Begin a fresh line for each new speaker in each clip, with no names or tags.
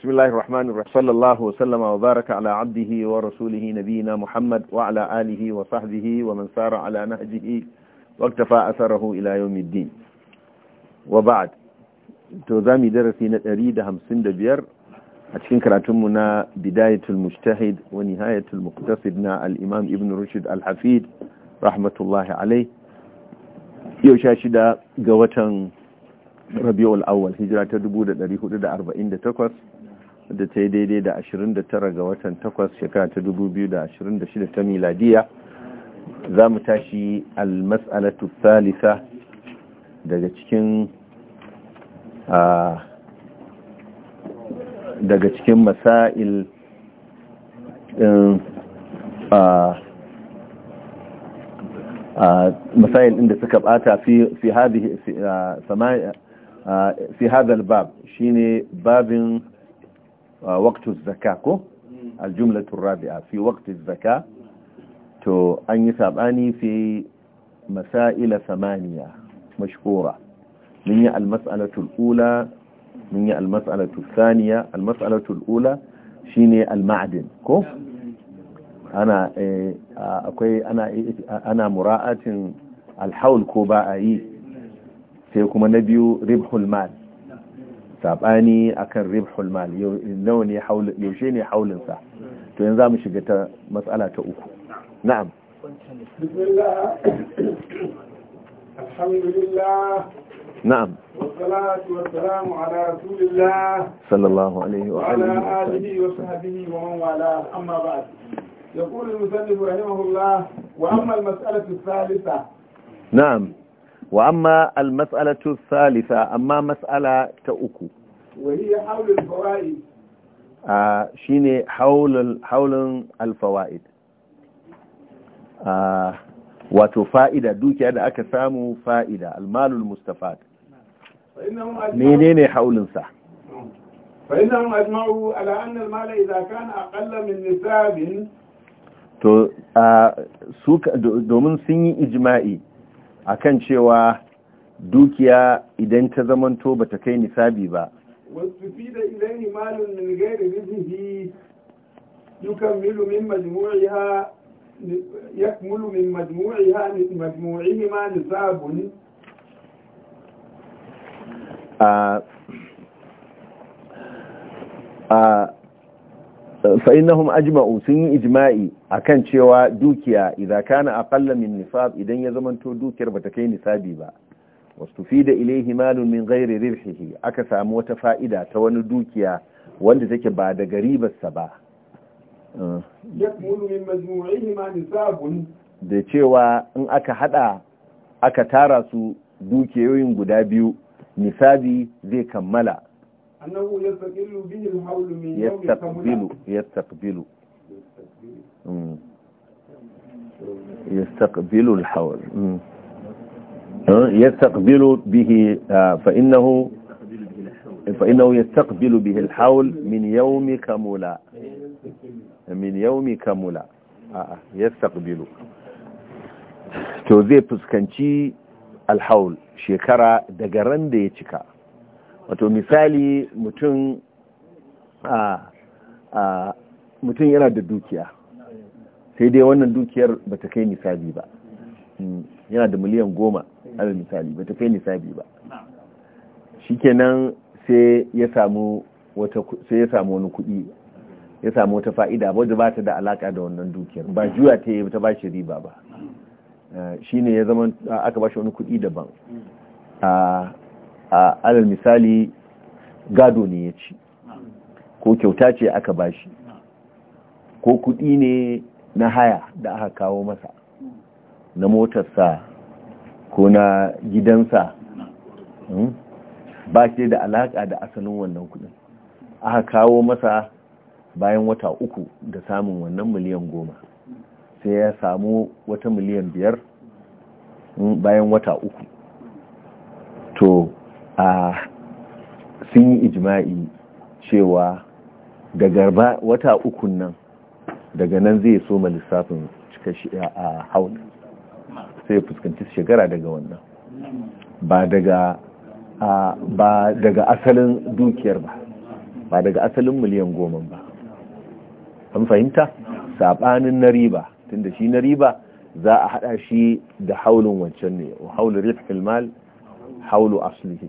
بسم الله الرحمن الرحيم صلى الله وسلم وبارك على عبده ورسوله نبينا محمد وعلى آله وصحبه ومن سار على نهجه واكتفى أثره إلى يوم الدين وبعد توزامي درسي نتريد سند بير أتكين كراتمنا بداية المجتهد ونهاية المقتصدنا الإمام ابن رشد الحفيد رحمة الله عليه يوشاشد قوة ربيع الأول هجرة rabi'ul دا أربعين دا تقص da ta yi daidai da 29 ga watan 8 shekara ta 2026 ta miladiya za mu tashi almas'alatu thalitha daga cikin daga cikin masail um, masail inda suka bata fi fi hadhihi fi hadha albab shine babin waqtu zaka ko aljumlatu rabi'a fi waqti zaka to an yi sabani fi masaila samaniya mashhura mun yi almas'alatu alula mun shine alma'din ko ana akwai mura'atin alhaul ko ba a yi sai kuma na biyu ribhul mal saɓani a kan ribhulmal yaushe ne haulinsa to yin za mu shiga ta matsala ta uku na'am na'am
wasalatu
na'am wa amma al-mas'alatu salisa amma mas'ala ta uku
wahiya haulul fawaid
a shine haulul haulun al-fawaid a wato fa'ida dukiya da aka samu fa'ida al-malul mustafad menene haulun sa fa
فإنهم ala anna al المال idha kana أقل min نساب
to a domin sun yi ijma'i akan cewa dukiya idan ta zamanto ta kai nisabi ba
wasu fi da ilaini malin min gairi rizihi dukan milu min majmu'i ha yakmulu min majmu'i ha majmu'i ma nisabun
a uh, uh, fa'innahum ajma'u sun yi ijma'i akan cewa dukiya idza kana aqalla min nisab idan ya zamanto dukiyar bata kai nisabi ba wastufida ilayhi malun min ghairi ribhihi aka samu wata fa'ida ta wani dukiya wanda take ba da garibarsa ba da cewa in aka hada aka tara su dukiyoyin guda biyu nisabi zai kammala
annahu yastaqillu bihi alhawlu min yawmi yastaqbilu
yastaqbilu yastaqbilu alhawl yastaqbilu bihi fa innahu فإنه يستقبل به الحول من يوم كملا من يوم كملا يستقبل تو زي فسكنشي wato misali mutum a mutum yana da dukiya sai dai wannan dukiyar ba ta kai nisabi ba hmm, yana da miliyan goma ala misali ba ta kai nisabi ba shikenan sai ya samu wata sai ya samu wani kuɗi ya samu wata fa'ida wadda ba ta da alaka da wannan dukiyar ba juya ta yi ta ba shi riba ba eh, Shi ne ya zama aka ba shi wani kuɗi daban ah, a alal misali gado ne ya ci ko kyauta ce aka bashi ko kuɗi ne na haya da aka kawo masa na motarsa ko na gidansa hmm? ba ke da alaƙa da asalin wannan kuɗin aka kawo masa bayan wata uku da samun wannan miliyan goma sai ya samu wata miliyan biyar hmm, bayan wata uku to a sun yi ijma'i cewa daga wata ukun nan daga nan zai soma lissafin cika shi a haul sai fuskanci shekara daga wannan ba daga ba daga asalin dukiyar ba ba daga asalin miliyan goma ba an fahimta saɓanin na riba tunda shi na riba za a haɗa shi da haulun wancan ne haulun rifil mal haulu aslihi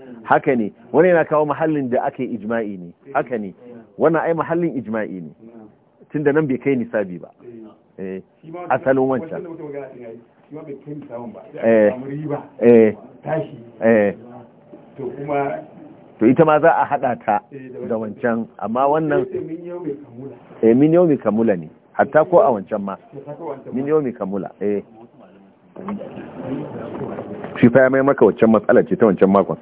haka ne wani yana kawo mahallin da aka yi ijma'i ne haka ne wannan ai mahallin ijma'i ne tun da nan bai kai nisabi ba eh, asalin wancan
eh, eh,
to ita ma za a hada ta da wancan amma wannan min yau mai kamula ne hatta ko a wancan ma min yau mai kamula eh shi fa ya mai maka waccan matsala ce ta wancan makon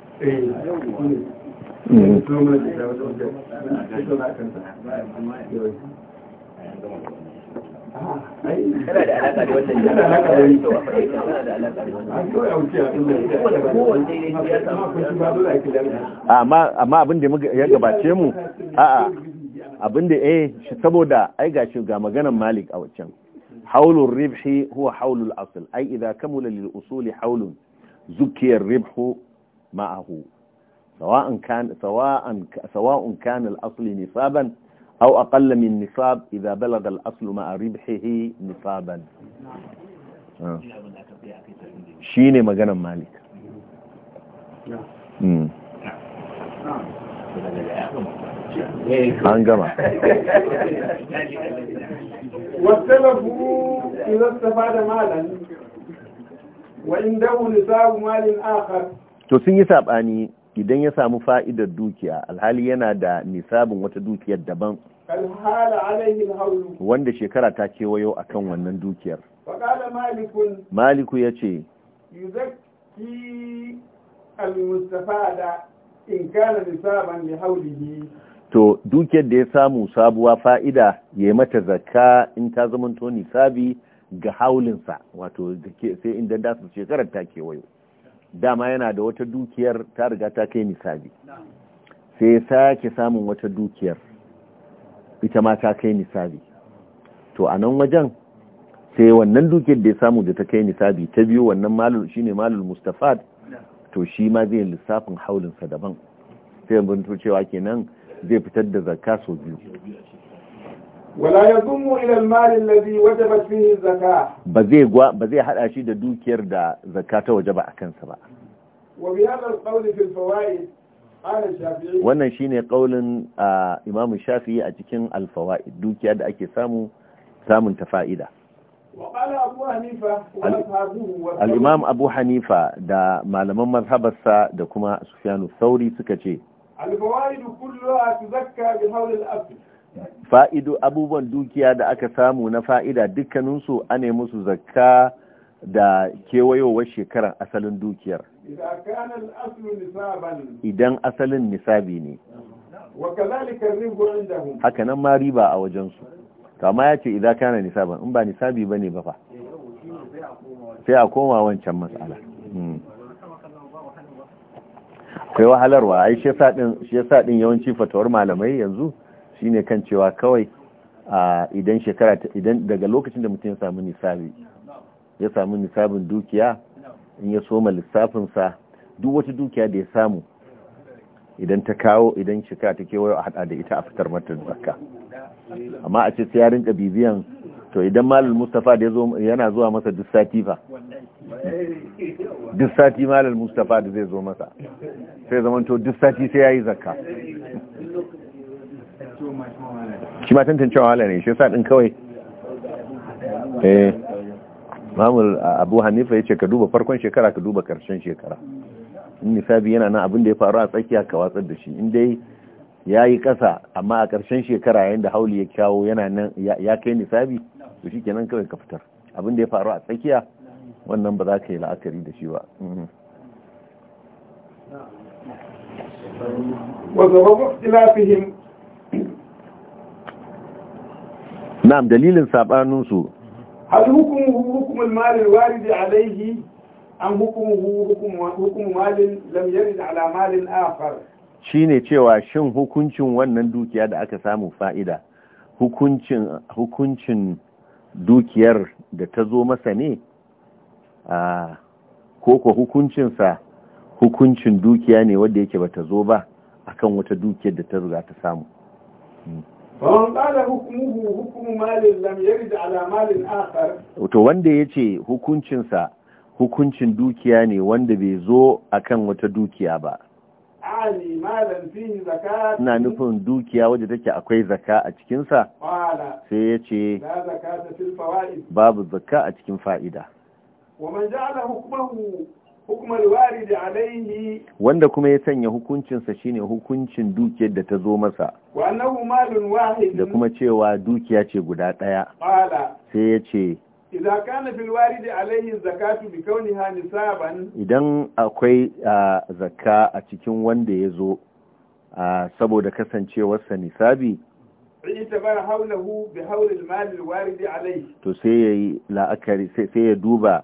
amma abin da ya gabace mu a'a abin da eh saboda ai gashi ga maganan malik a waccan حول الربح هو حول الأصل أي إذا كمل للأصول حول زكي الربح معه سواء كان سواء سواء كان الأصل نصابا أو أقل من نصاب إذا بلغ الأصل مع ربحه نصابا آه. شيني مجانا مالك نعم. نعم. an
واختلفوا إذا استفاد مالا وعنده نصاب مال آخر
to sun yi saɓani idan ya samu fa'idar dukiya alhali yana da nisabin wata dukiyar daban wanda shekara ta kewayo a kan wannan dukiyar maliku ya ce
da in kana nisaban li haulihi
to dukiyar da ya samu sabuwa fa'ida ya yi mata zaka in ta zamanto nisabi ga haulinsa wato sai inda da su shekarar ta kewayo dama yana da wata dukiyar ta riga ta kai nisabi sai ya sake samun wata dukiyar ita ma ta kai nisabi to a nan wajen sai wannan dukiyar da ya samu da ta kai nisabi ta biyu wannan malul ne malul mustafad to shi ma zai lissafin haulinsa daban sai cewa kenan zai fitar da zakka sau biyu
wala yadumu ila al-mal alladhi wajabat fihi zakka
ba zai gwa ba zai hada shi da dukiyar da zakka ta wajaba akan sa ba a kansa ba.
Wannan shi ne ƙaunin wannan
shine kaulin imamu shafi'i a cikin alfawaid dukiya da ake samu samun ta fa'ida
al-imam abu
hanifa da malaman mazhabarsa da kuma sufyanu sauri suka ce
الفوائد كلها تزكى بحول الأصل
fa'ido abubuwan dukiya da aka samu na fa'ida dukkaninsu a ne musu zakka da kewayowar shekarar asalin dukiyar idan asalin nisabi ne haka nan ma riba a wajensu kama ya ce idan kana nisaban in ba nisabi ba ne ba fa sai a koma wancan matsala hmm. kai wahalarwa ai shi yasa din yawanci fatawar malamai yanzu shine kan cewa kawai idan shekara idan daga lokacin da mutum ya samu nisabi ya samu nisabin dukiya in ya soma lissafin sa duk wata dukiya da ya samu idan ta kawo idan shekara take wayo a hada da ita a fitar mata zakka amma a ce sai ya rinka bibiyan to idan malul mustafa da yana zuwa masa duk sati fa duk sati malul mustafa da zai zo masa sai zama to duk sati sai yi zakka shi ma tantancewa hala ne shi yasa kawai eh mamul abu ya yace ka duba farkon shekara ka duba karshen shekara in nisabi yana nan abin da ya faru a tsakiya ka watsar da shi in dai ya yi ƙasa amma a ƙarshen shekara yayin da hauli ya kyawo yana nan ya kai nisabi to shi kenan kawai ka fitar abin da ya faru a tsakiya wannan ba za ka yi la'akari da shi ba mm-hmm. na'am dalilin sabaninsu
hal hukumu hukumul malin da alaihi an hukumu hukumu malin lam yarid ala malin akhar
shine cewa shin hukuncin wannan dukiya da aka samu fa'ida hukuncin hukuncin dukiyar da ta zo masa ne a koko hukuncinsa hukuncin dukiya ne wadda yake bata zo ba akan wata dukiyar da ta riga ta samu to wanda ya ce hukuncinsa hukuncin dukiya ne wanda bai zo akan wata dukiya ba na nufin dukiya wadda take akwai zaka a cikinsa sai ya ce babu zaka a cikin fa'ida wanda kuma ya sanya hukuncinsa shine hukuncin dukiyar da ta zo masa da kuma cewa dukiya ce guda ɗaya sai ya ce
Idan kana filwari da alayhi zakatu bi kauniha nisaban
idan akwai zakka a cikin wanda ya zo saboda kasancewarsa nisabi
itabar haulahu bi haulil mali da alayyi.
to sai yayi la'akari sai ya duba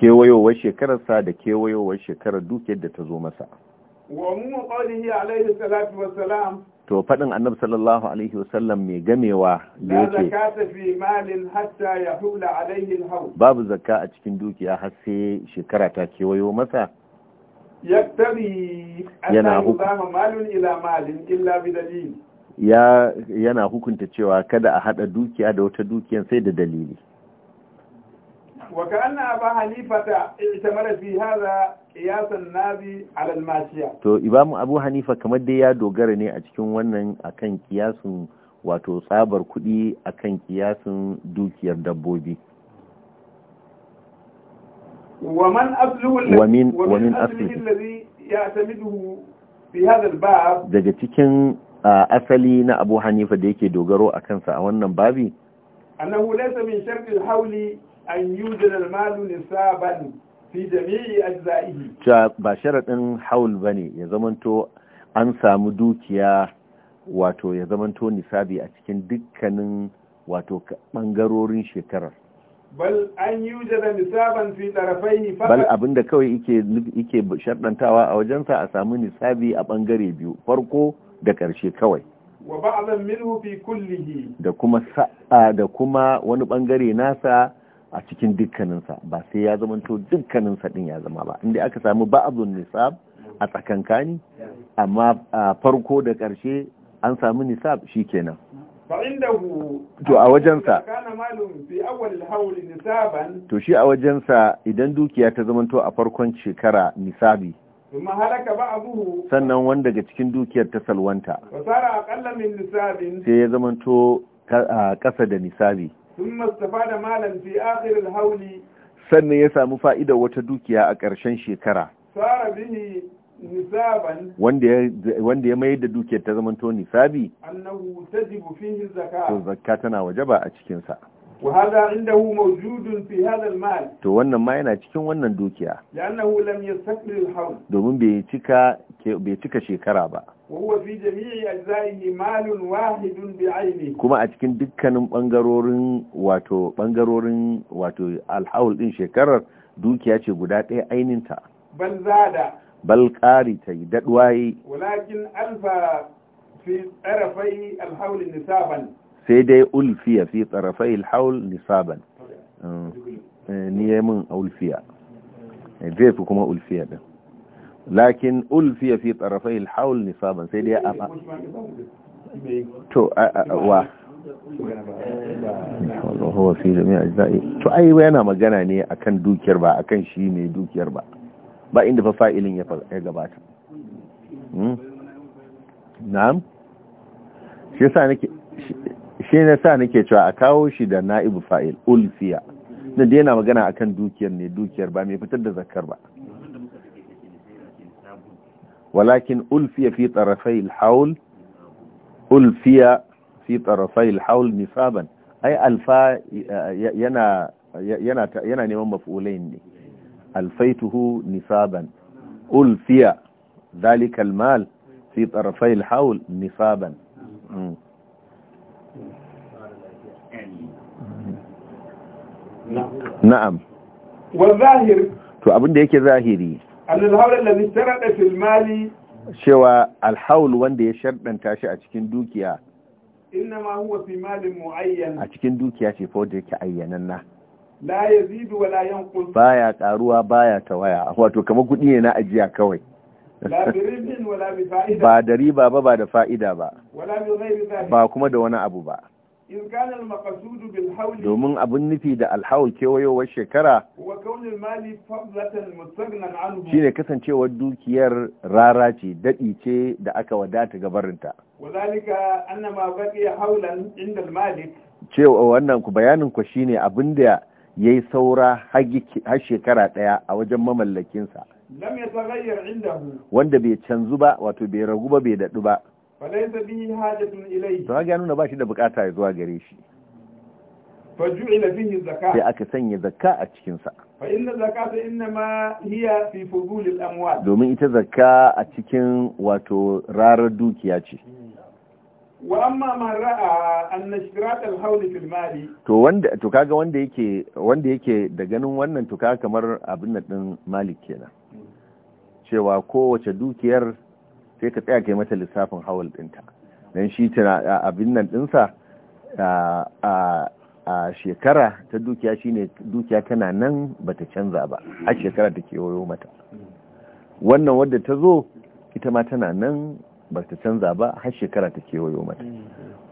kewayowar shekarar sa da kewayowar shekarar duk yadda ta zo masa
wa ummu qawlihi alayhi salatu wassalam
to faɗin annabi sallallahu alaihi wasallam mai gamewa da yake babu zakka a cikin dukiya har sai shekara ta kewayo masa yana hukunta cewa kada a haɗa dukiya da wata dukiyan sai da dalili
وكأن أبا حنيفة mara في هذا قياس النبي على الماشية
تو إمام أبو حنيفة كما دي يا دوغر أتكون ونن أكن قياس wato tsabar kuɗi a kan kiyasin dukiyar dabbobi
wamin asali daga
cikin asali na abu hanifa da yake dogaro a kansa a wannan babi
annahu laysa min shartil hawli an yujir almalu nisaban fi jami'i ajza'ihi
ta ba sharadin haul bane ya zamanto an samu dukiya wato ya zamanto nisabi a cikin dukkanin wato bangarorin shekarar
bal an yujada nisaban fi tarafaihi faqat bal abinda
kawai yake yake shardantawa a wajensa a samu nisabi a bangare biyu farko da karshe kawai
wa ba'dan minhu fi kullihi
da kuma sa'a da kuma wani bangare nasa a cikin dukkaninsa ba sai ya to dukkaninsa din ya zama ba inda aka samu ba'azun nisab a tsakankani amma a farko da karshe an samu nisab kenan. to a wajensa to shi a wajensa idan dukiya ta to a farkon shekara nisabi sannan wanda daga cikin dukiyar ta salwanta sai ya zamanto ƙasa da nisabi
ثم استفاد مالا في آخر الهول
sannan ya samu fa'ida wata dukiya a ƙarshen shekara wanda ya mayar da dukiyar ta zama to nisabi to zakka tana wajaba a cikinsa
وهذا عنده موجود في هذا المال
to wannan ma yana cikin wannan dukiya
لأنه لم يستكمل الحول
domin bai bai cika shekara ba
wahuwa fi jami'i a zai malun wahidun bi aini kuma a
cikin dukkanin bangarorin wato bangarorin wato alhaul din shekarar dukiya ce guda ɗaya ainihin ta Bal ƙari ta yi daɗuwayi
walakin alfa fi tsarafai alhaul nisaban
sai dai ulfiya fi tsarafai alhaul nisaban eh, ni yayin ulfiya eh, zai fi kuma ulfiya din lakin ulfiya fi tsarafai alhaul nisaban sai dai a to wa to ai yana magana ne akan dukiyar ba akan shi mai dukiyar ba ba inda fa fa'ilin ya gabata hmm? na'am shi yasa nake shi ne sa nake cewa a kawo shi da na'ibu fa'il ulfiya da yana magana akan dukiyar ne dukiyar ba mai fitar da zakar ba ولكن ألفي في طرفي الحول ألفي في طرفي الحول نصابا أي ألفا ينا ينا ينا نيوم مفعولين ألفيته نصابا ألفي ذلك المال في طرفي الحول نصابا نعم
والظاهر
abin da yake ظاهري cewa alhaul wanda ya sharɗanta shi a cikin dukiya
huwa a
cikin dukiya ce fawar wanda yake ayyanan na ba ya ƙaruwa ba karuwa tawaya wato kama kudi ne na ajiya kawai ba da riba ba ba da fa'ida ba ba kuma da wani abu ba domin abin nufi da alhawar kewayowar shekara shi ne kasancewar dukiyar rara ce daɗi ce da aka wadata gabarinta cewa wannan ku bayanin ku shi ne abin da ya yi saura har shekara ɗaya a wajen mamallakinsa wanda bai canzu ba wato bai ragu ba bai daɗu ba
falaisa bi hajatun ilayhi
to ga nuna ba shi da bukata ya zuwa gare shi
faju'ila fihi zakat sai
aka sanya zakka a cikin sa
fa inna zakata innama hiya fi fudul al-amwal domin
ita zakka a cikin wato rarar dukiya ce
wa amma man ra'a anna ishtirat al-hawl fil mali
to wanda to kaga wanda yake wanda yake da ganin wannan to kaga kamar abin nan din malik kenan cewa kowace dukiyar sai ka tsaya ka yi mata lissafin hawal ɗinta don shi tana abin nan ɗinsa a shekara ta dukiya shine dukiya tana nan bata canza ba a shekara ta kewayo mata wannan wadda ta zo ita ma tana nan ba ta canza ba har shekara ta kewayo mata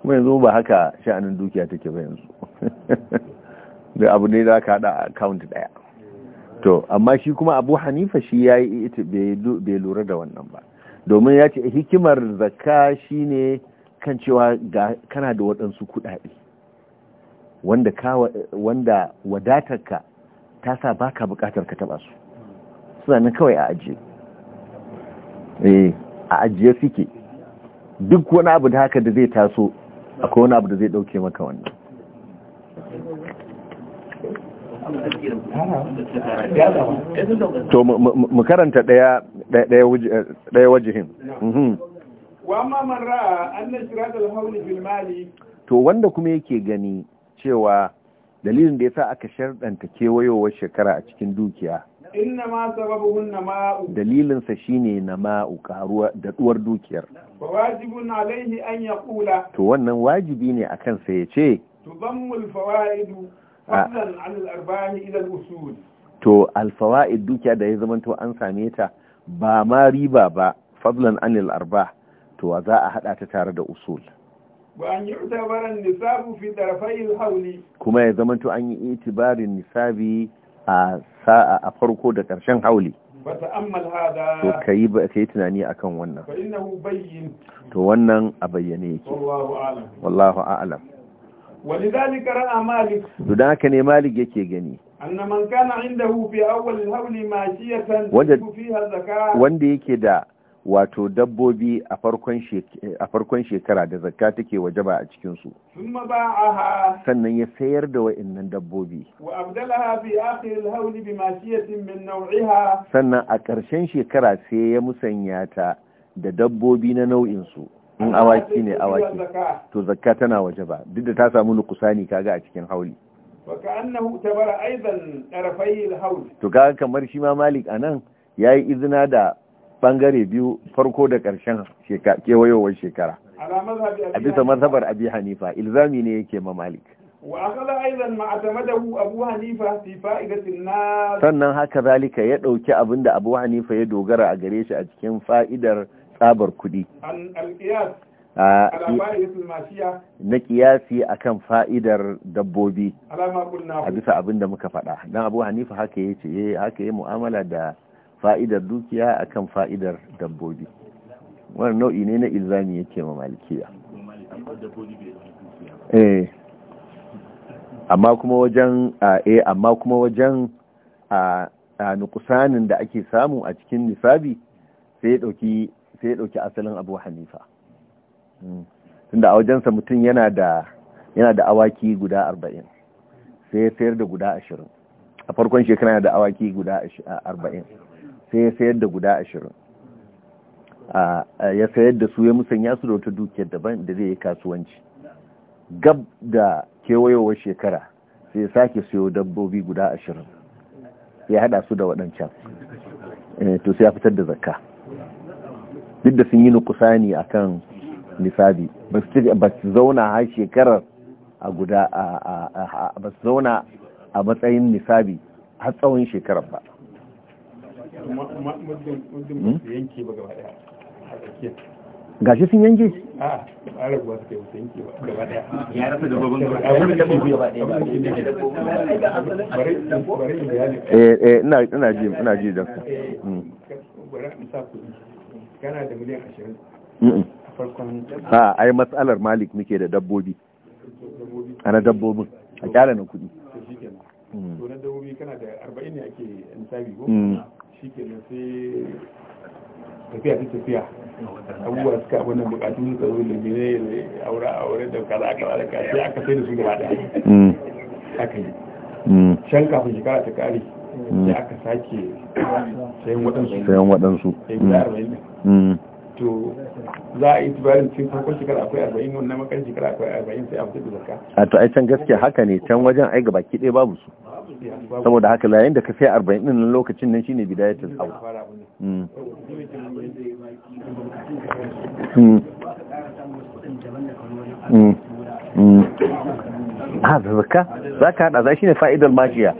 kuma yanzu ba haka sha'anin dukiya take ba yanzu da abu ne za ka hada account daya to amma shi kuma abu hanifa shi ya yi ita bai lura da wannan ba domin ya ce hikimar zakka shine kan cewa ga kana da waɗansu kuɗaɗe wanda ka wadatarka ta sa baka buƙatar ka taɓa su suna nan kawai a ajiye eh, a ajiye suke duk wani abu da haka da zai taso akwai wani abu da zai ɗauke maka wannan
to mu
karanta daya daya eh, wajihin mhm. to wanda kuma yake gani cewa dalilin da ya sa aka sharɗanta kewayowar shekara a cikin dukiya
inna ma sababuhun nama'u
dalilinsa shine nama'u karuwa da ɗuwar dukiyar to wannan wajibi ne a kansa ya ce to alfawa'id dukiya da ya zamanto an same ta ba ma riba ba fadlan anil arba to za a hada ta tare da usul kuma ya zamanto an yi itibarin nisabi a sa'a a farko da ƙarshen hauli to ka yi tunani akan wannan to wannan a bayyane yake wallahu a'lam
ولذلك رأى مالك
haka ني مالك yake gani
anna man kana indahu fi awwal al-hawl mashiyatan fiha zakat wanda
yake da wato dabbobi a farkon shekara da zakka take wajaba a cikinsu sannan ya sayar da wa'annan dabbobi Wa sannan a ƙarshen shekara sai ya musanya ta da dabbobi na nau'insu in awaki ne awaki to zakka tana waje ba duk da ta samu nukusani kaga a cikin hauli to kaga kamar shi ma malik anan yayi izina da bangare biyu farko da ƙarshen kewayowar shekara
a bisa mazhabar
abi hanifa ilzami ne yake ma malik sannan haka zalika ya dauki abinda abu hanifa ya dogara a gare shi a cikin fa'idar tsabar kuɗi na kiyasi akan fa'idar dabbobi a bisa abin da muka faɗa don abu hanifa haka ya ce eh, haka ya mu'amala da fa'idar dukiya akan fa'idar dabbobi wani nau'i ne na ilzami yake ma malikiya amma kuma wajen eh amma kuma wajen a eh, nukusanin da ake samu a cikin nisabi sai ya ɗauki sai ya ɗauki asalin abu hanifa hmm. tunda a wajensa mutum yana da awaki guda arba'in sai ya sayar da guda ashirin a farkon shekara yana da awaki guda arba'in sai ya sayar da guda ashirin ya sayar da su ya musanya su da wata dukiyar daban da zai yi kasuwanci gab da kewayowar shekara sai ya sake siyo dabbobi guda ashirin ya hada su da waɗancan eh, to sai ya fitar da zakka duk da sun yi nukusani a kan nisabi ba su zauna har shekarar a guda ba su zauna a matsayin nisabi har tsawon shekarar ba
hmm?
gashi sun yanke
eh, eh, ina ji ina ji da kana da miliyan ashirin a ah,
ai matsalar malik muke da dabbobi ana dabbobin a kyala na kuɗi
to mm. dabbobi kana da arba'in ne ake nisabi ko mm. shi ke na sai tafiya ta tafiya abubuwa suka abin bukatu su tsaro da gine ne aure aure da kaza kaza da kaza aka sai da su gaba da mm. aka yi can kafin shekara ta kare sai aka sake sayan waɗansu sayan
waɗansu Mm.
to za a yi tubarin cikin farkon shekara akwai arba'in wannan makar shekara akwai arba'in sai a fito da zakka
a to ai can gaskiya haka ne can wajen ai gabaki ɗaya babu su saboda haka layin da ka sai arba'in ɗin nan lokacin nan shine bidayatul aw a
zaka mm.
Mm. za ka hada za shi ne fa'idar mashiya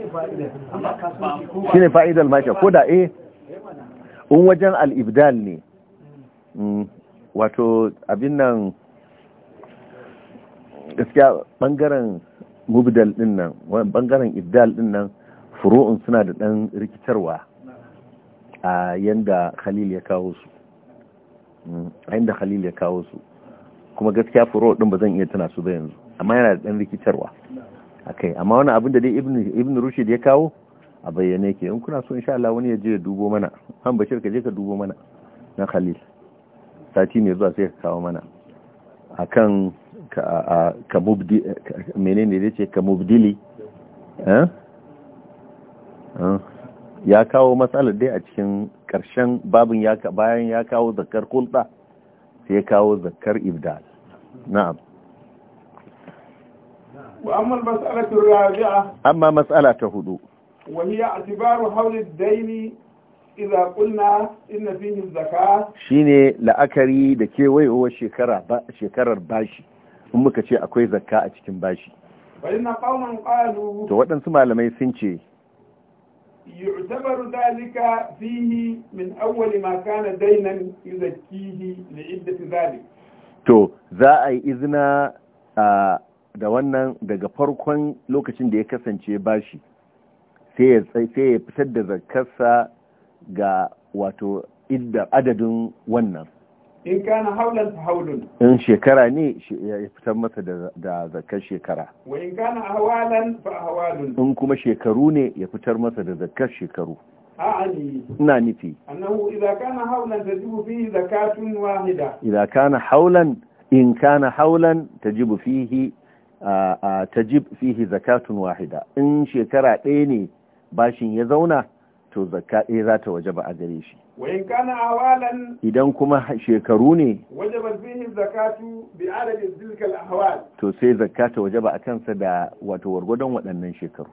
shi ne fa'idar mashiya ko da eh in wajen al'ibdal ne Mm, wato abin nan gaskiya bangaren mubdal din nan bangaren iddal din nan furu'un suna da dan rikitarwa a yanda khalil ya kawo su mm, a yanda khalil ya kawo su kuma gaskiya furo din ba zan iya tana su ba yanzu amma yana da dan rikitarwa akai amma wani abin da dai ibnu ibnu rushd ya kawo a bayyane ke in kuna so insha Allah wani ya je ya dubo mana an bashir ka je ka dubo mana na khalil sati mai zuwa sai ka kawo mana a kan mubdi menene zai ce ka mubdili eh? Eh? ya kawo matsalar dai a cikin ƙarshen babin bayan ya kawo zakar kulɗa sai ya kawo zakar ibdal na'am amma matsala ta hudu
a اعتبار haunin daini iza kunna inna fihi zakka
shine la'akari da kewayowar shekara ba shekarar bashi in muka ce akwai zakka a cikin bashi fa
qauman qalu to
waɗansu malamai sun ce
يعتبر ذلك فيه من أول ما كان دينا يزكيه لعدة dalik
to za a yi izina da wannan daga farkon lokacin da ya kasance bashi sai ya fitar da zakarsa ga wato adadin wannan
in kana haulan ta haulun
in shekara ne ya fitar masa da zakar shekara
wa in kana hawalan fa hawalun
in kuma shekaru ne ya fitar masa da zakar shekaru ina nufi
annahu idza kana haulan tajibu fihi zakatun wahida
idza kana haulan in kana haulan tajibu fihi tajib fihi zakatun wahida in shekara ɗaya ne bashin ya zauna to zakka ɗaya eh, za ta waje ba a gare shi.
Wayin kana awalan
idan kuma shekaru ne
Waje ba wajaba fihi zakatu bi adadi zilkal ahwal
to sai zakka ta ba a kansa da wato wargwadon waɗannan shekaru.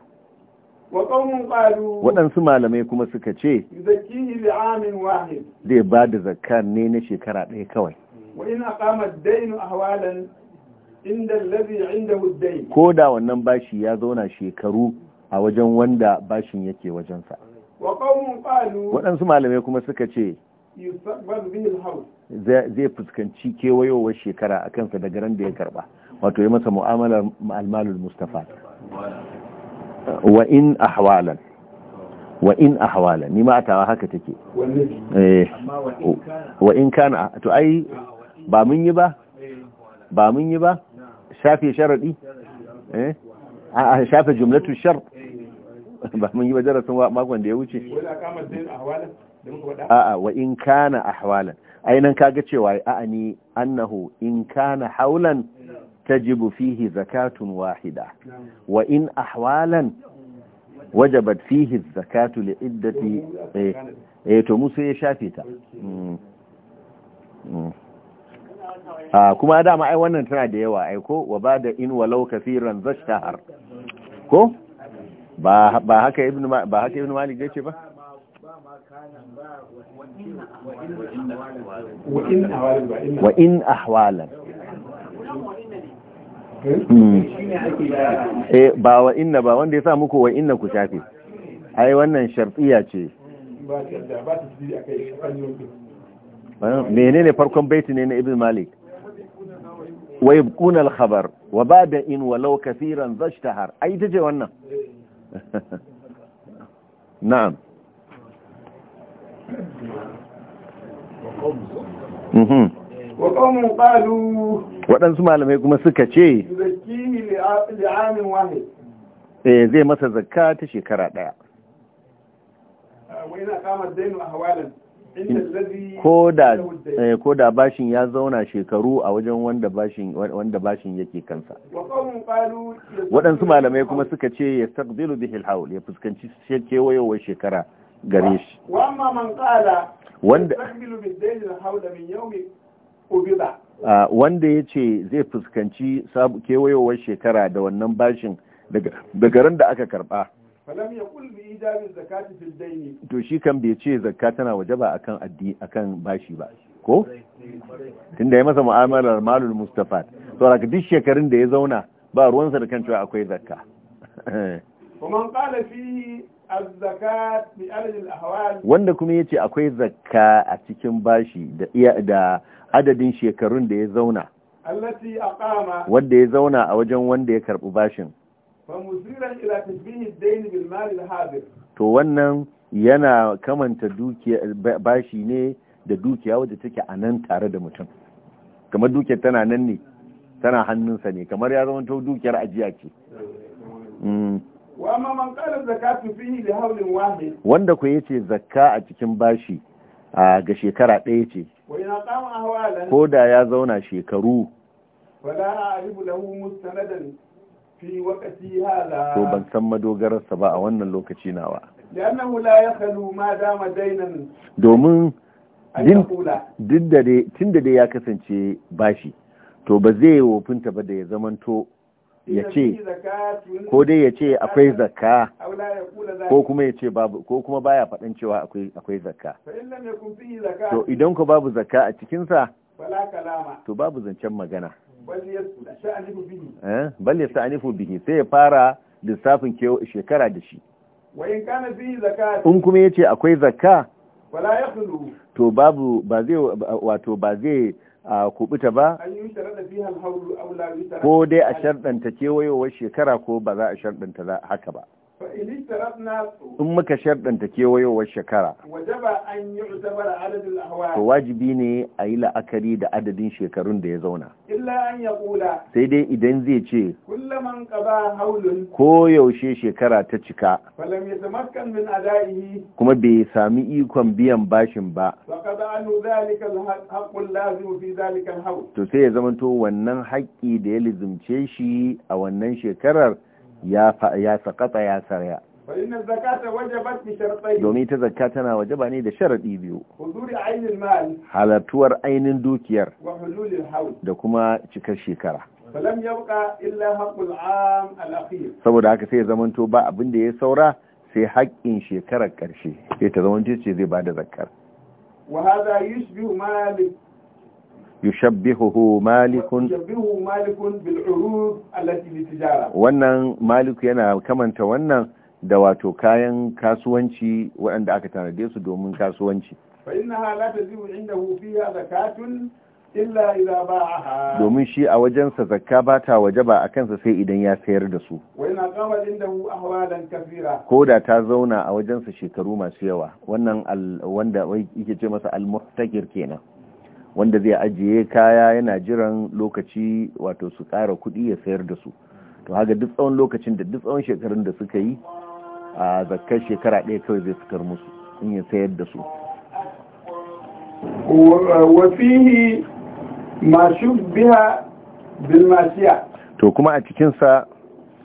Wa qawmun qalu waɗansu
malamai kuma suka ce
zakkihi li amin wahid
zai ba da zakka ne na shekara ɗaya kawai.
Wa in aqama ad-dainu ahwalan inda alladhi indahu ad-dain ko
da wannan bashi ya zauna shekaru a wajen wanda bashin yake wajensa.
waɗansu
malamai kuma suka ce zai fuskanci kewayowar shekara a kansa daga ran da ya karba wato yi masa mu'amalar almalul mustafa wa in ahwalan wa in ahwalan ni ma atawa haka take
eh, wa
in kana to ai ba mun yi ba ba mun yi ba shafe sharadi eh a shafe jumlatu shar ba mun yi darasin makon da ya wuce a'a wa in kana ahwalan ainihin kaga cewa a'ani annahu in kana haulan tajibu fihi zakatun wahida wa in ahwalan wajabat fihi zakatu li iddati eh, eh to musu ya shafe ta a mm. mm. ah, kuma dama ai wannan tana da yawa ai ko wa bada in walau kafiran zashtahar ko ba haka ibn ba haka ibn malik yace ba wa in ahwalan hmm. eh ba wa inna ba wanda ya sa muku wa inna ku shafe ai wannan shartiya ce ne farkon baiti ne na ibn malik wa yabquna al-khabar wa ba'da in walau kaseeran zashtahar ai tace wannan na'am mhm. waɗansu malamai kuma suka ce eh, zai masa zakka ta shekara ɗaya
Eh, ko
da bashin ya zauna shekaru a wajen wanda bashin yake kansa waɗansu malamai kuma suka ce ya taqbilu bihil haul ya fuskanci kewayowar shekara
gare shi wanda
wanda ya ce zai fuskanci kewayowar shekara da wannan bashin daga ran da aka karba
falam ya kul bi ijabin zakati fil daini
to shi kan bai ce zakka tana wajaba akan addi akan bashi ba ko tunda ya masa mu'amalar malul mustafa to raka duk shekarun da ya zauna ba ruwansa da kan cewa akwai zakka
az-zakat bi الزكاة al-ahwal
wanda kuma yace akwai zakka a cikin bashi da iya da adadin shekarun da ya zauna
allati aqama wanda
ya zauna a wajen wanda ya karbi bashin to wannan yana kamanta dukiya bashi ne da dukiya wadda take a nan tare da mutum kamar dukiyar tana nan ne tana hannunsa ne kamar ya zama dukiyar ajiya ce mm. wanda ku yace zakka a cikin bashi a ga shekara ɗaya ce ko da ya zauna shekaru
wala a'ribu lahu mustanadan ko ban
san madogararsa ba a wannan lokaci nawa domin tun da dai ya kasance bashi to ba zai wofinta ba da ya zamanto ya ce ko dai ya ce akwai zakka ko kuma ya ce babu ko kuma baya faɗin cewa akwai zakka to idan ko babu zakka a cikinsa to babu zancen magana Eh, bal ya sta'anifu bihi sai ya fara lissafin shekara da shi in kuma yace ce akwai zakka to babu ba zai wato ba zai kubuta ba
ko dai a sharɗanta
kewayowar shekara ko ba za a sharɗanta haka ba
in muka
sharɗanta kewayowar shekara to wajibi ne a yi la'akari da adadin shekarun da ya zauna sai dai idan zai ce ko yaushe shekara ta cika kuma bai sami ikon biyan bashin ba to sai ya zamanto wannan haƙƙi da ya lizumce shi a wannan shekarar ya sakata ya sarya domin ta zakka tana wajaba ne da sharaɗi biyu halartuwar ainin dukiyar da kuma cikar shekara saboda haka sai zamanto ba abin da ya saura sai haƙƙin shekarar ƙarshe sai ta zamanto ce zai ba da zakkar
وهذا يشبه مالك
yushabbihuhu malikun wannan maliku yana kamanta wannan da wato kayan kasuwanci waɗanda aka tanade su domin kasuwanci domin shi a wajensa zakka ba ta waje ba a kansa sai idan ya sayar da su ko da ta zauna a wajensa shekaru masu yawa wannan wanda yake ce masa al-muhtakir kenan wanda zai ajiye kaya yana jiran lokaci wato su ƙara kuɗi ya sayar da su to haka duk tsawon lokacin da duk tsawon shekarun da suka yi a zakar shekara ɗaya kawai zai fitar musu in ya sayar da su
wafihi masu biya bilmashiya
to kuma a cikinsa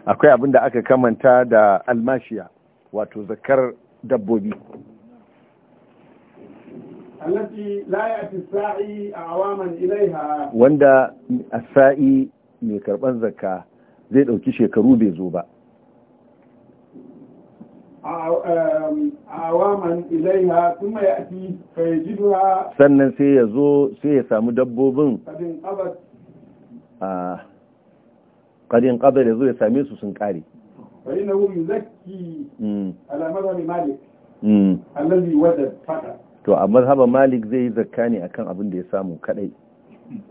akwai abin da aka kamanta da almashiya wato zakar dabbobi wanda a sa'i mai karɓar zakka zai ɗauki shekaru bai zo ba sannan sai ya zo sai ya samu dabbobin ƙadin ƙabar ya zo ya same su sun ƙare
ƙari na wuri zaki alamar wani malik allazi wadda fata
to a mazhaban malik zai yi zakka ne akan abin da ya samu kadai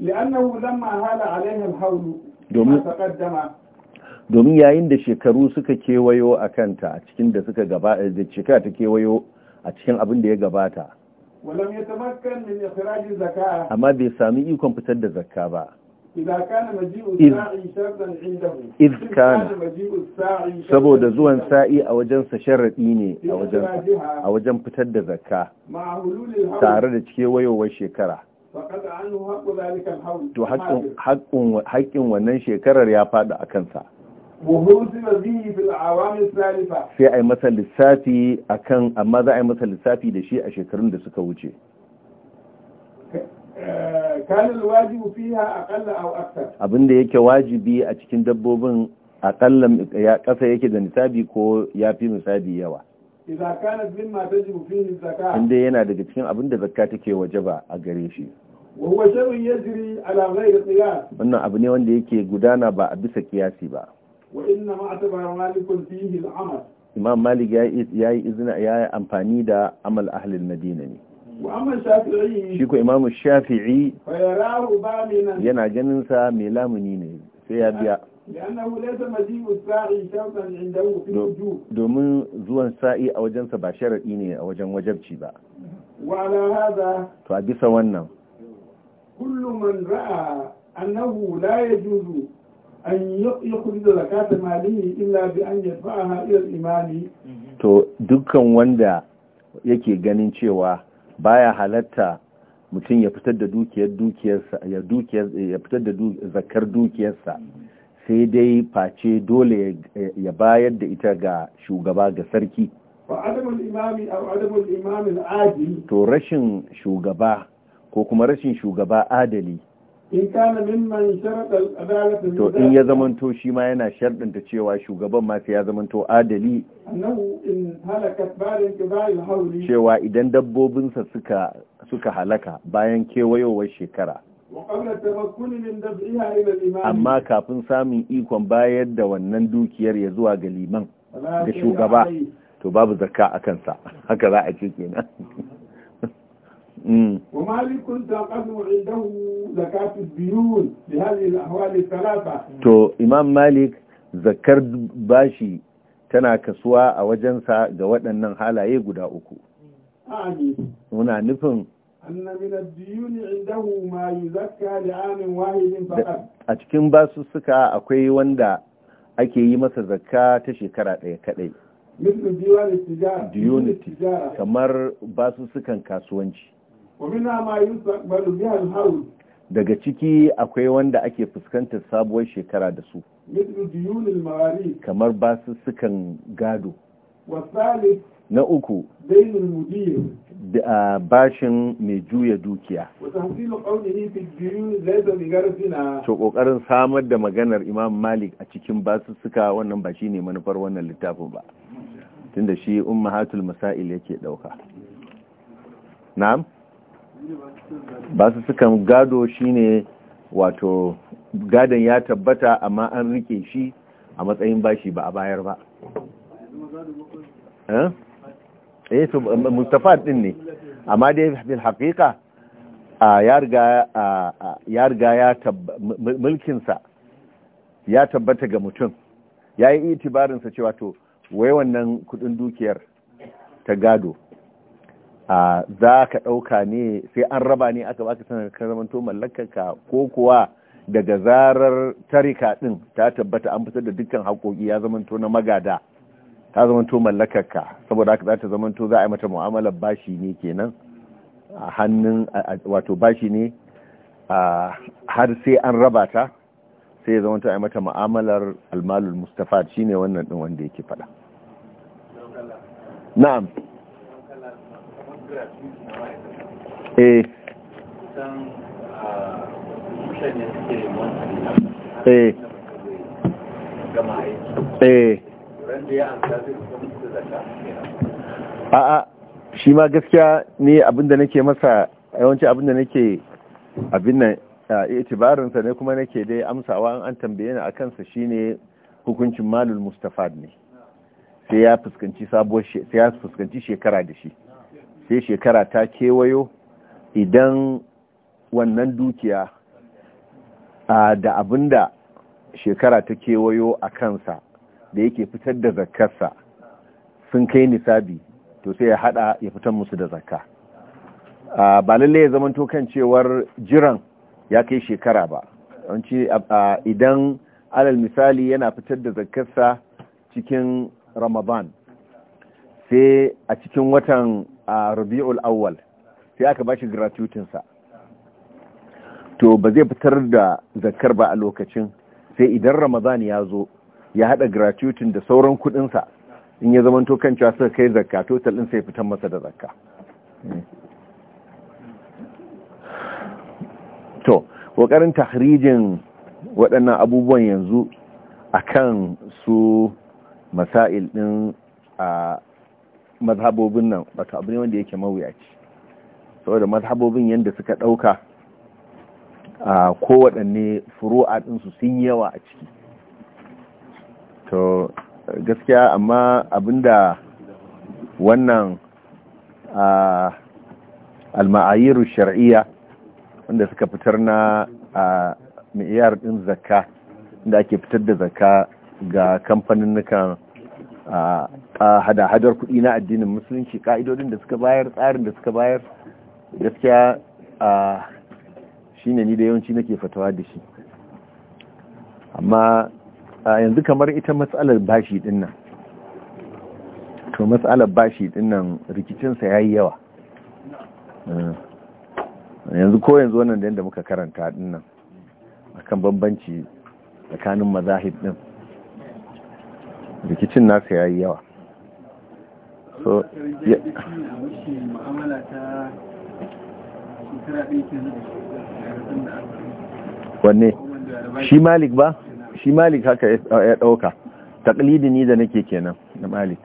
li'annahu lamma hala alaihi al domin taqaddama
domin yayin da shekaru suka kewayo a kanta a cikin da suka gaba eh, da shekara ta kewayo a cikin abin da ya gabata
walam yatamakkan min ikhraji zakka amma
bai sami ikon fitar da zakka ba
iz kana saboda zuwan
sa'i a wajensa sharaɗi ne a wajen fitar da zakka tare da kewayowar shekara to haƙƙin wannan shekarar ya faɗi a kansa sai a yi masa lissafi a da shi a shekarun da suka wuce
Eh, kanil wajibu fiha aqalla aw akthar
abinda yake wajibi a cikin dabbobin akalla ya kasa yake da nisabi ko ya yafi nisabi yawa
idan kanat mimma tajibu fihi zakat inda
yana daga cikin abin da zakka take wajaba a gare shi
wa shar'un yajri ala ghayri qiyas
wannan abu ne wanda yake gudana ba a bisa kiyasi ba
wa inna ma atabara malikun fihi al-amal
imam malik ya yi izina ya yi amfani da amal ahlul madina ne shi ko imamu shafi'i yana ganin sa mai lamuni ne sai ya biya domin zuwan sa'i a wajensa ba sharaɗi ne a wajen wajabci ba to a bisa wannan
kullum man ra'a annahu la yajuzu an yakuri da zakata malihi illa bi an yadfa'aha ila imani
to dukkan wanda yake ganin cewa baya halatta mutum ya fitar da dukiyar dukiyarsa ya fitar da zakar dukiyarsa sai dai face dole ya bayar da ita ga shugaba ga sarki to rashin shugaba ko kuma rashin shugaba adali
to in ya
zamanto shi ma yana sharɗinta cewa shugaban ma sai ya zamanto adali cewa idan dabbobinsa suka halaka bayan kewayowar shekara amma kafin samun ikon bayar da wannan dukiyar ya zuwa ga liman ga shugaba to babu zakka a kansa haka za a ce kenan Mm.
ومالك تقدم عنده زكاة الديون بهذه الأحوال الثلاثة
تو إمام مالك zakar bashi tana kasuwa a wajensa ga waɗannan halaye guda uku. Muna nufin a cikin basussuka akwai wanda ake yi masa zakka ta shekara ɗaya kaɗai.
Diyoniti
kamar basussukan kasuwanci. daga ciki akwai wanda ake fuskantar sabuwar shekara da su kamar basu sukan gado na uku da bashin mai juya dukiya to kokarin samar da maganar imam malik a cikin basu suka wannan ba shi ne manufar wannan littafin ba tunda shi hatul masail yake dauka na'am ba su sukan gado shine wato gadon ya tabbata amma an rike shi a matsayin bashi ba a bayar ba eh, eh to mustafa din ne amma dai bil haqiqa ya riga ya riga mulkin sa ya tabbata ga mutum yayi itibarin sa cewa to wai wannan kudin dukiyar ta gado za ka ɗauka ne sai an raba ne aka baka sanar ka zamanto mallakarka ko kuwa daga zarar tarika ɗin ta tabbata an fitar da dukkan haƙoƙi ya to na magada ta zamanto mallakarka saboda haka za ta to za a yi mata mu'amalar bashi ne kenan a hannun wato bashi ne har sai an raba ta sai ya to a yi mata mu'amalar almalul mustafa shine wannan ɗin wanda yake faɗa na'am Eh. a'a ah, eh. e. eh. ah, ah, shi ma gaskiya ne abinda nake masa yawanci abinda nake abin nan itibarinsa ne kuma nake dai amsawa an tambaye ni a kansa shi ne hukuncin malul mustafa ne sai ya fuskanci shekara da shi sai shekara ta kewayo idan wannan dukiya da abinda shekara ta kewayo a kansa da yake fitar da zakarsa sun kai nisabi to sai ya hada ya fitar musu da zakka ba lalle ya zamanto kan cewar jiran ya kai shekara ba idan alal misali yana fitar da zakkarsa cikin ramadan sai a cikin watan a rabi'ul awwal sai aka ba shi gratuitinsa to ba zai fitar da zakar ba a lokacin sai idan ramadan ya zo ya hada gratuitin da sauran kudinsa in ya zamanto kan cewa suka kai zakka total din sai fitan masa da zakka to kokarin tahrijin waɗannan abubuwan yanzu akan su masail din a mazhabobin nan ba abu ne wanda yake mawuyaci saboda mazhabobin yadda suka ɗauka a kowaɗanne furu'a ɗinsu sun yawa a ciki to gaskiya amma abinda wannan alma'ayiru shar'iyya wanda suka fitar na miyar ɗin zakka inda ake fitar da zakka ga kamfanin nukan hada-hadar kuɗi na addinin musulunci ka'idodin da suka bayar tsarin da suka bayar gaskiya shi ne ni da yawanci nake fatawa da shi amma yanzu kamar ita matsalar bashi din nan to matsalar bashi din nan rikicinsa ya yi yawa eh, yanzu ko yanzu wannan da yadda muka karanta din nan akan bambanci tsakanin mazahib din rikicin nasa ya yi yawa so wanne shi malik ba shi malik haka ya dauka taklidi ni da nake kenan na malik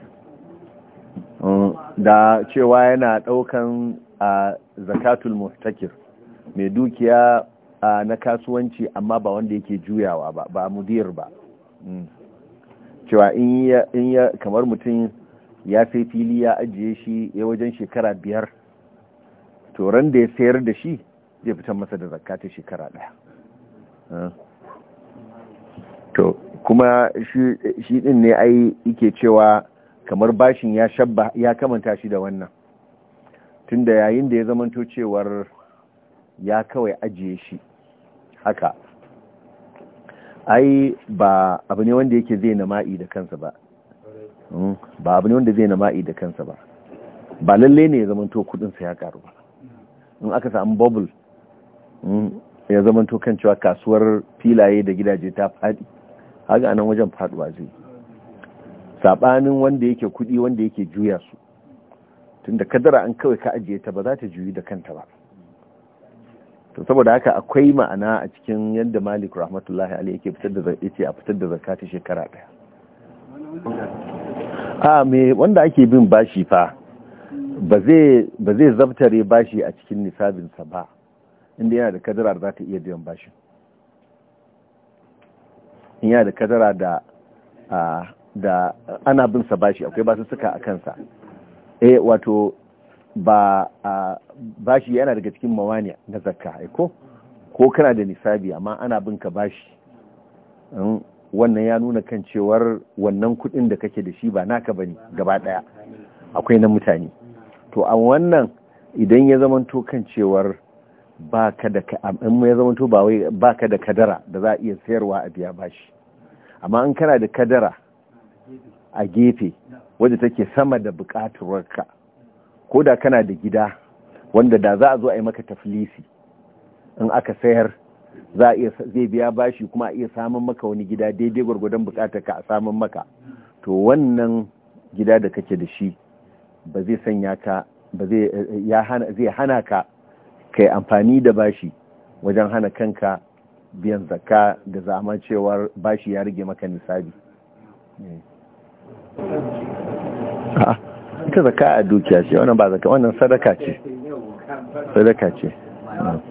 mm, da cewa yana daukan a zakatul muhtakir mai dukiya na kasuwanci amma ba wanda yake juyawa ba ba mudir ba mm. cewa in ya kamar mutum ya sai fili ya ajiye shi ya wajen shekara biyar to ran da ya sayar da shi zai fitar masa da zakatun shekara ɗaya to kuma shi ɗin ne ai yake cewa kamar bashin ya shabba ya kamanta shi da wannan tunda yayin da ya zamanto cewar ya kawai ajiye shi haka ai ba abu ne wanda yake zai nama'i da kansa ba Mm. ba abu ne wanda zai nama'i da kansa ba ba lalle ne ya zamanto kudinsa ya karu ba in aka samu bubble mm, ya zamanto kan cewa kasuwar filaye da gidaje ta fadi haka anan wajen faduwa zai sabanin wanda yake kudi wanda yake juya su tunda kadara an kawai ka ajiye ta ba za ta juyi da kanta ba to saboda haka akwai ma'ana a cikin yadda malik rahmatullahi alaihi yake fitar da a fitar da zakati shekara daya a me wanda ake bin bashi fa ba zai zaftare bashi a cikin nisabinsa ba inda yana da kadara za ta iya biyan bashin in yana da kadara da da ana bin sa bashi akwai basu suka a kansa E, wato ba bashi yana daga cikin mawani na zakka ko ko kana da nisabi amma ana bin ka bashi hmm? wannan ya nuna kan cewar wannan kuɗin da kake da shi ba naka bane gaba ɗaya akwai na mutane to a wannan idan ya zamanto kan cewar baka da in ya zamanto ba wai baka da kadara da za a iya sayarwa a biya bashi amma in kana da kadara a gefe wadda take sama da bukaturarka ko da kana da gida wanda da za a zo a yi maka tafilisi in aka sayar za a iya zai biya bashi kuma a iya samun maka wani gida daidai gwargwadon bukatar ka a samun maka to wannan gida da kake da shi ba zai sanya ka ba zai ya hana zai hana ka kai amfani da bashi wajen hana kanka biyan zakka da zaman cewar bashi ya rage maka nisabi eh. ita zakka a dukiya ce wannan ba zakka wannan sadaka ce sadaka ce hmm.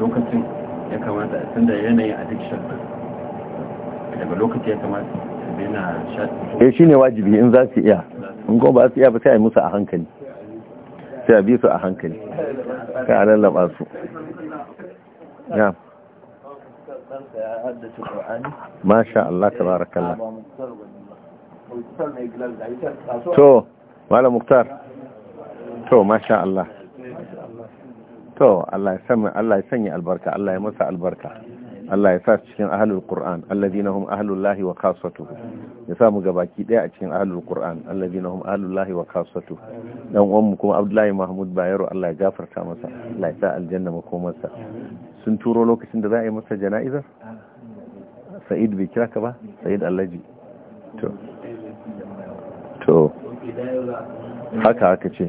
lokacin ya kamata a tunda yanayin addiction daga lokaci ya kamata daina shaɗi eh shine wajibi in za su iya in kuma ba su iya ba sai a musu a hankali sai a bi su a hankali ka a lallaba su ya masha Allah tabarakallah to malam muktar to masha Allah to Allah ya sami Allah ya sanya albarka Allah ya masa albarka Allah ya sa cikin ahlul Qur'an alladhina hum ahlul lahi wa khassatuhu ya samu gabaki daya a cikin ahlul Qur'an alladhina hum ahlul lahi wa khassatuhu dan uwan mu kuma Abdullahi Mahmud Bayero Allah ya gafarta masa Allah ya sa aljanna makomarsa sun turo lokacin da za a yi masa jana'izar Sa'id bai kira ka ba Sa'id Allaji to to haka haka ce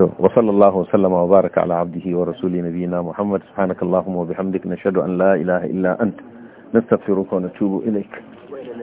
to wa sallallahu sallama wa baraka ala abdihi wa rasuli nabiyina muhammad subhanakallahumma wa bihamdika nashhadu an la ilaha illa anta nastaghfiruka wa natubu ilaik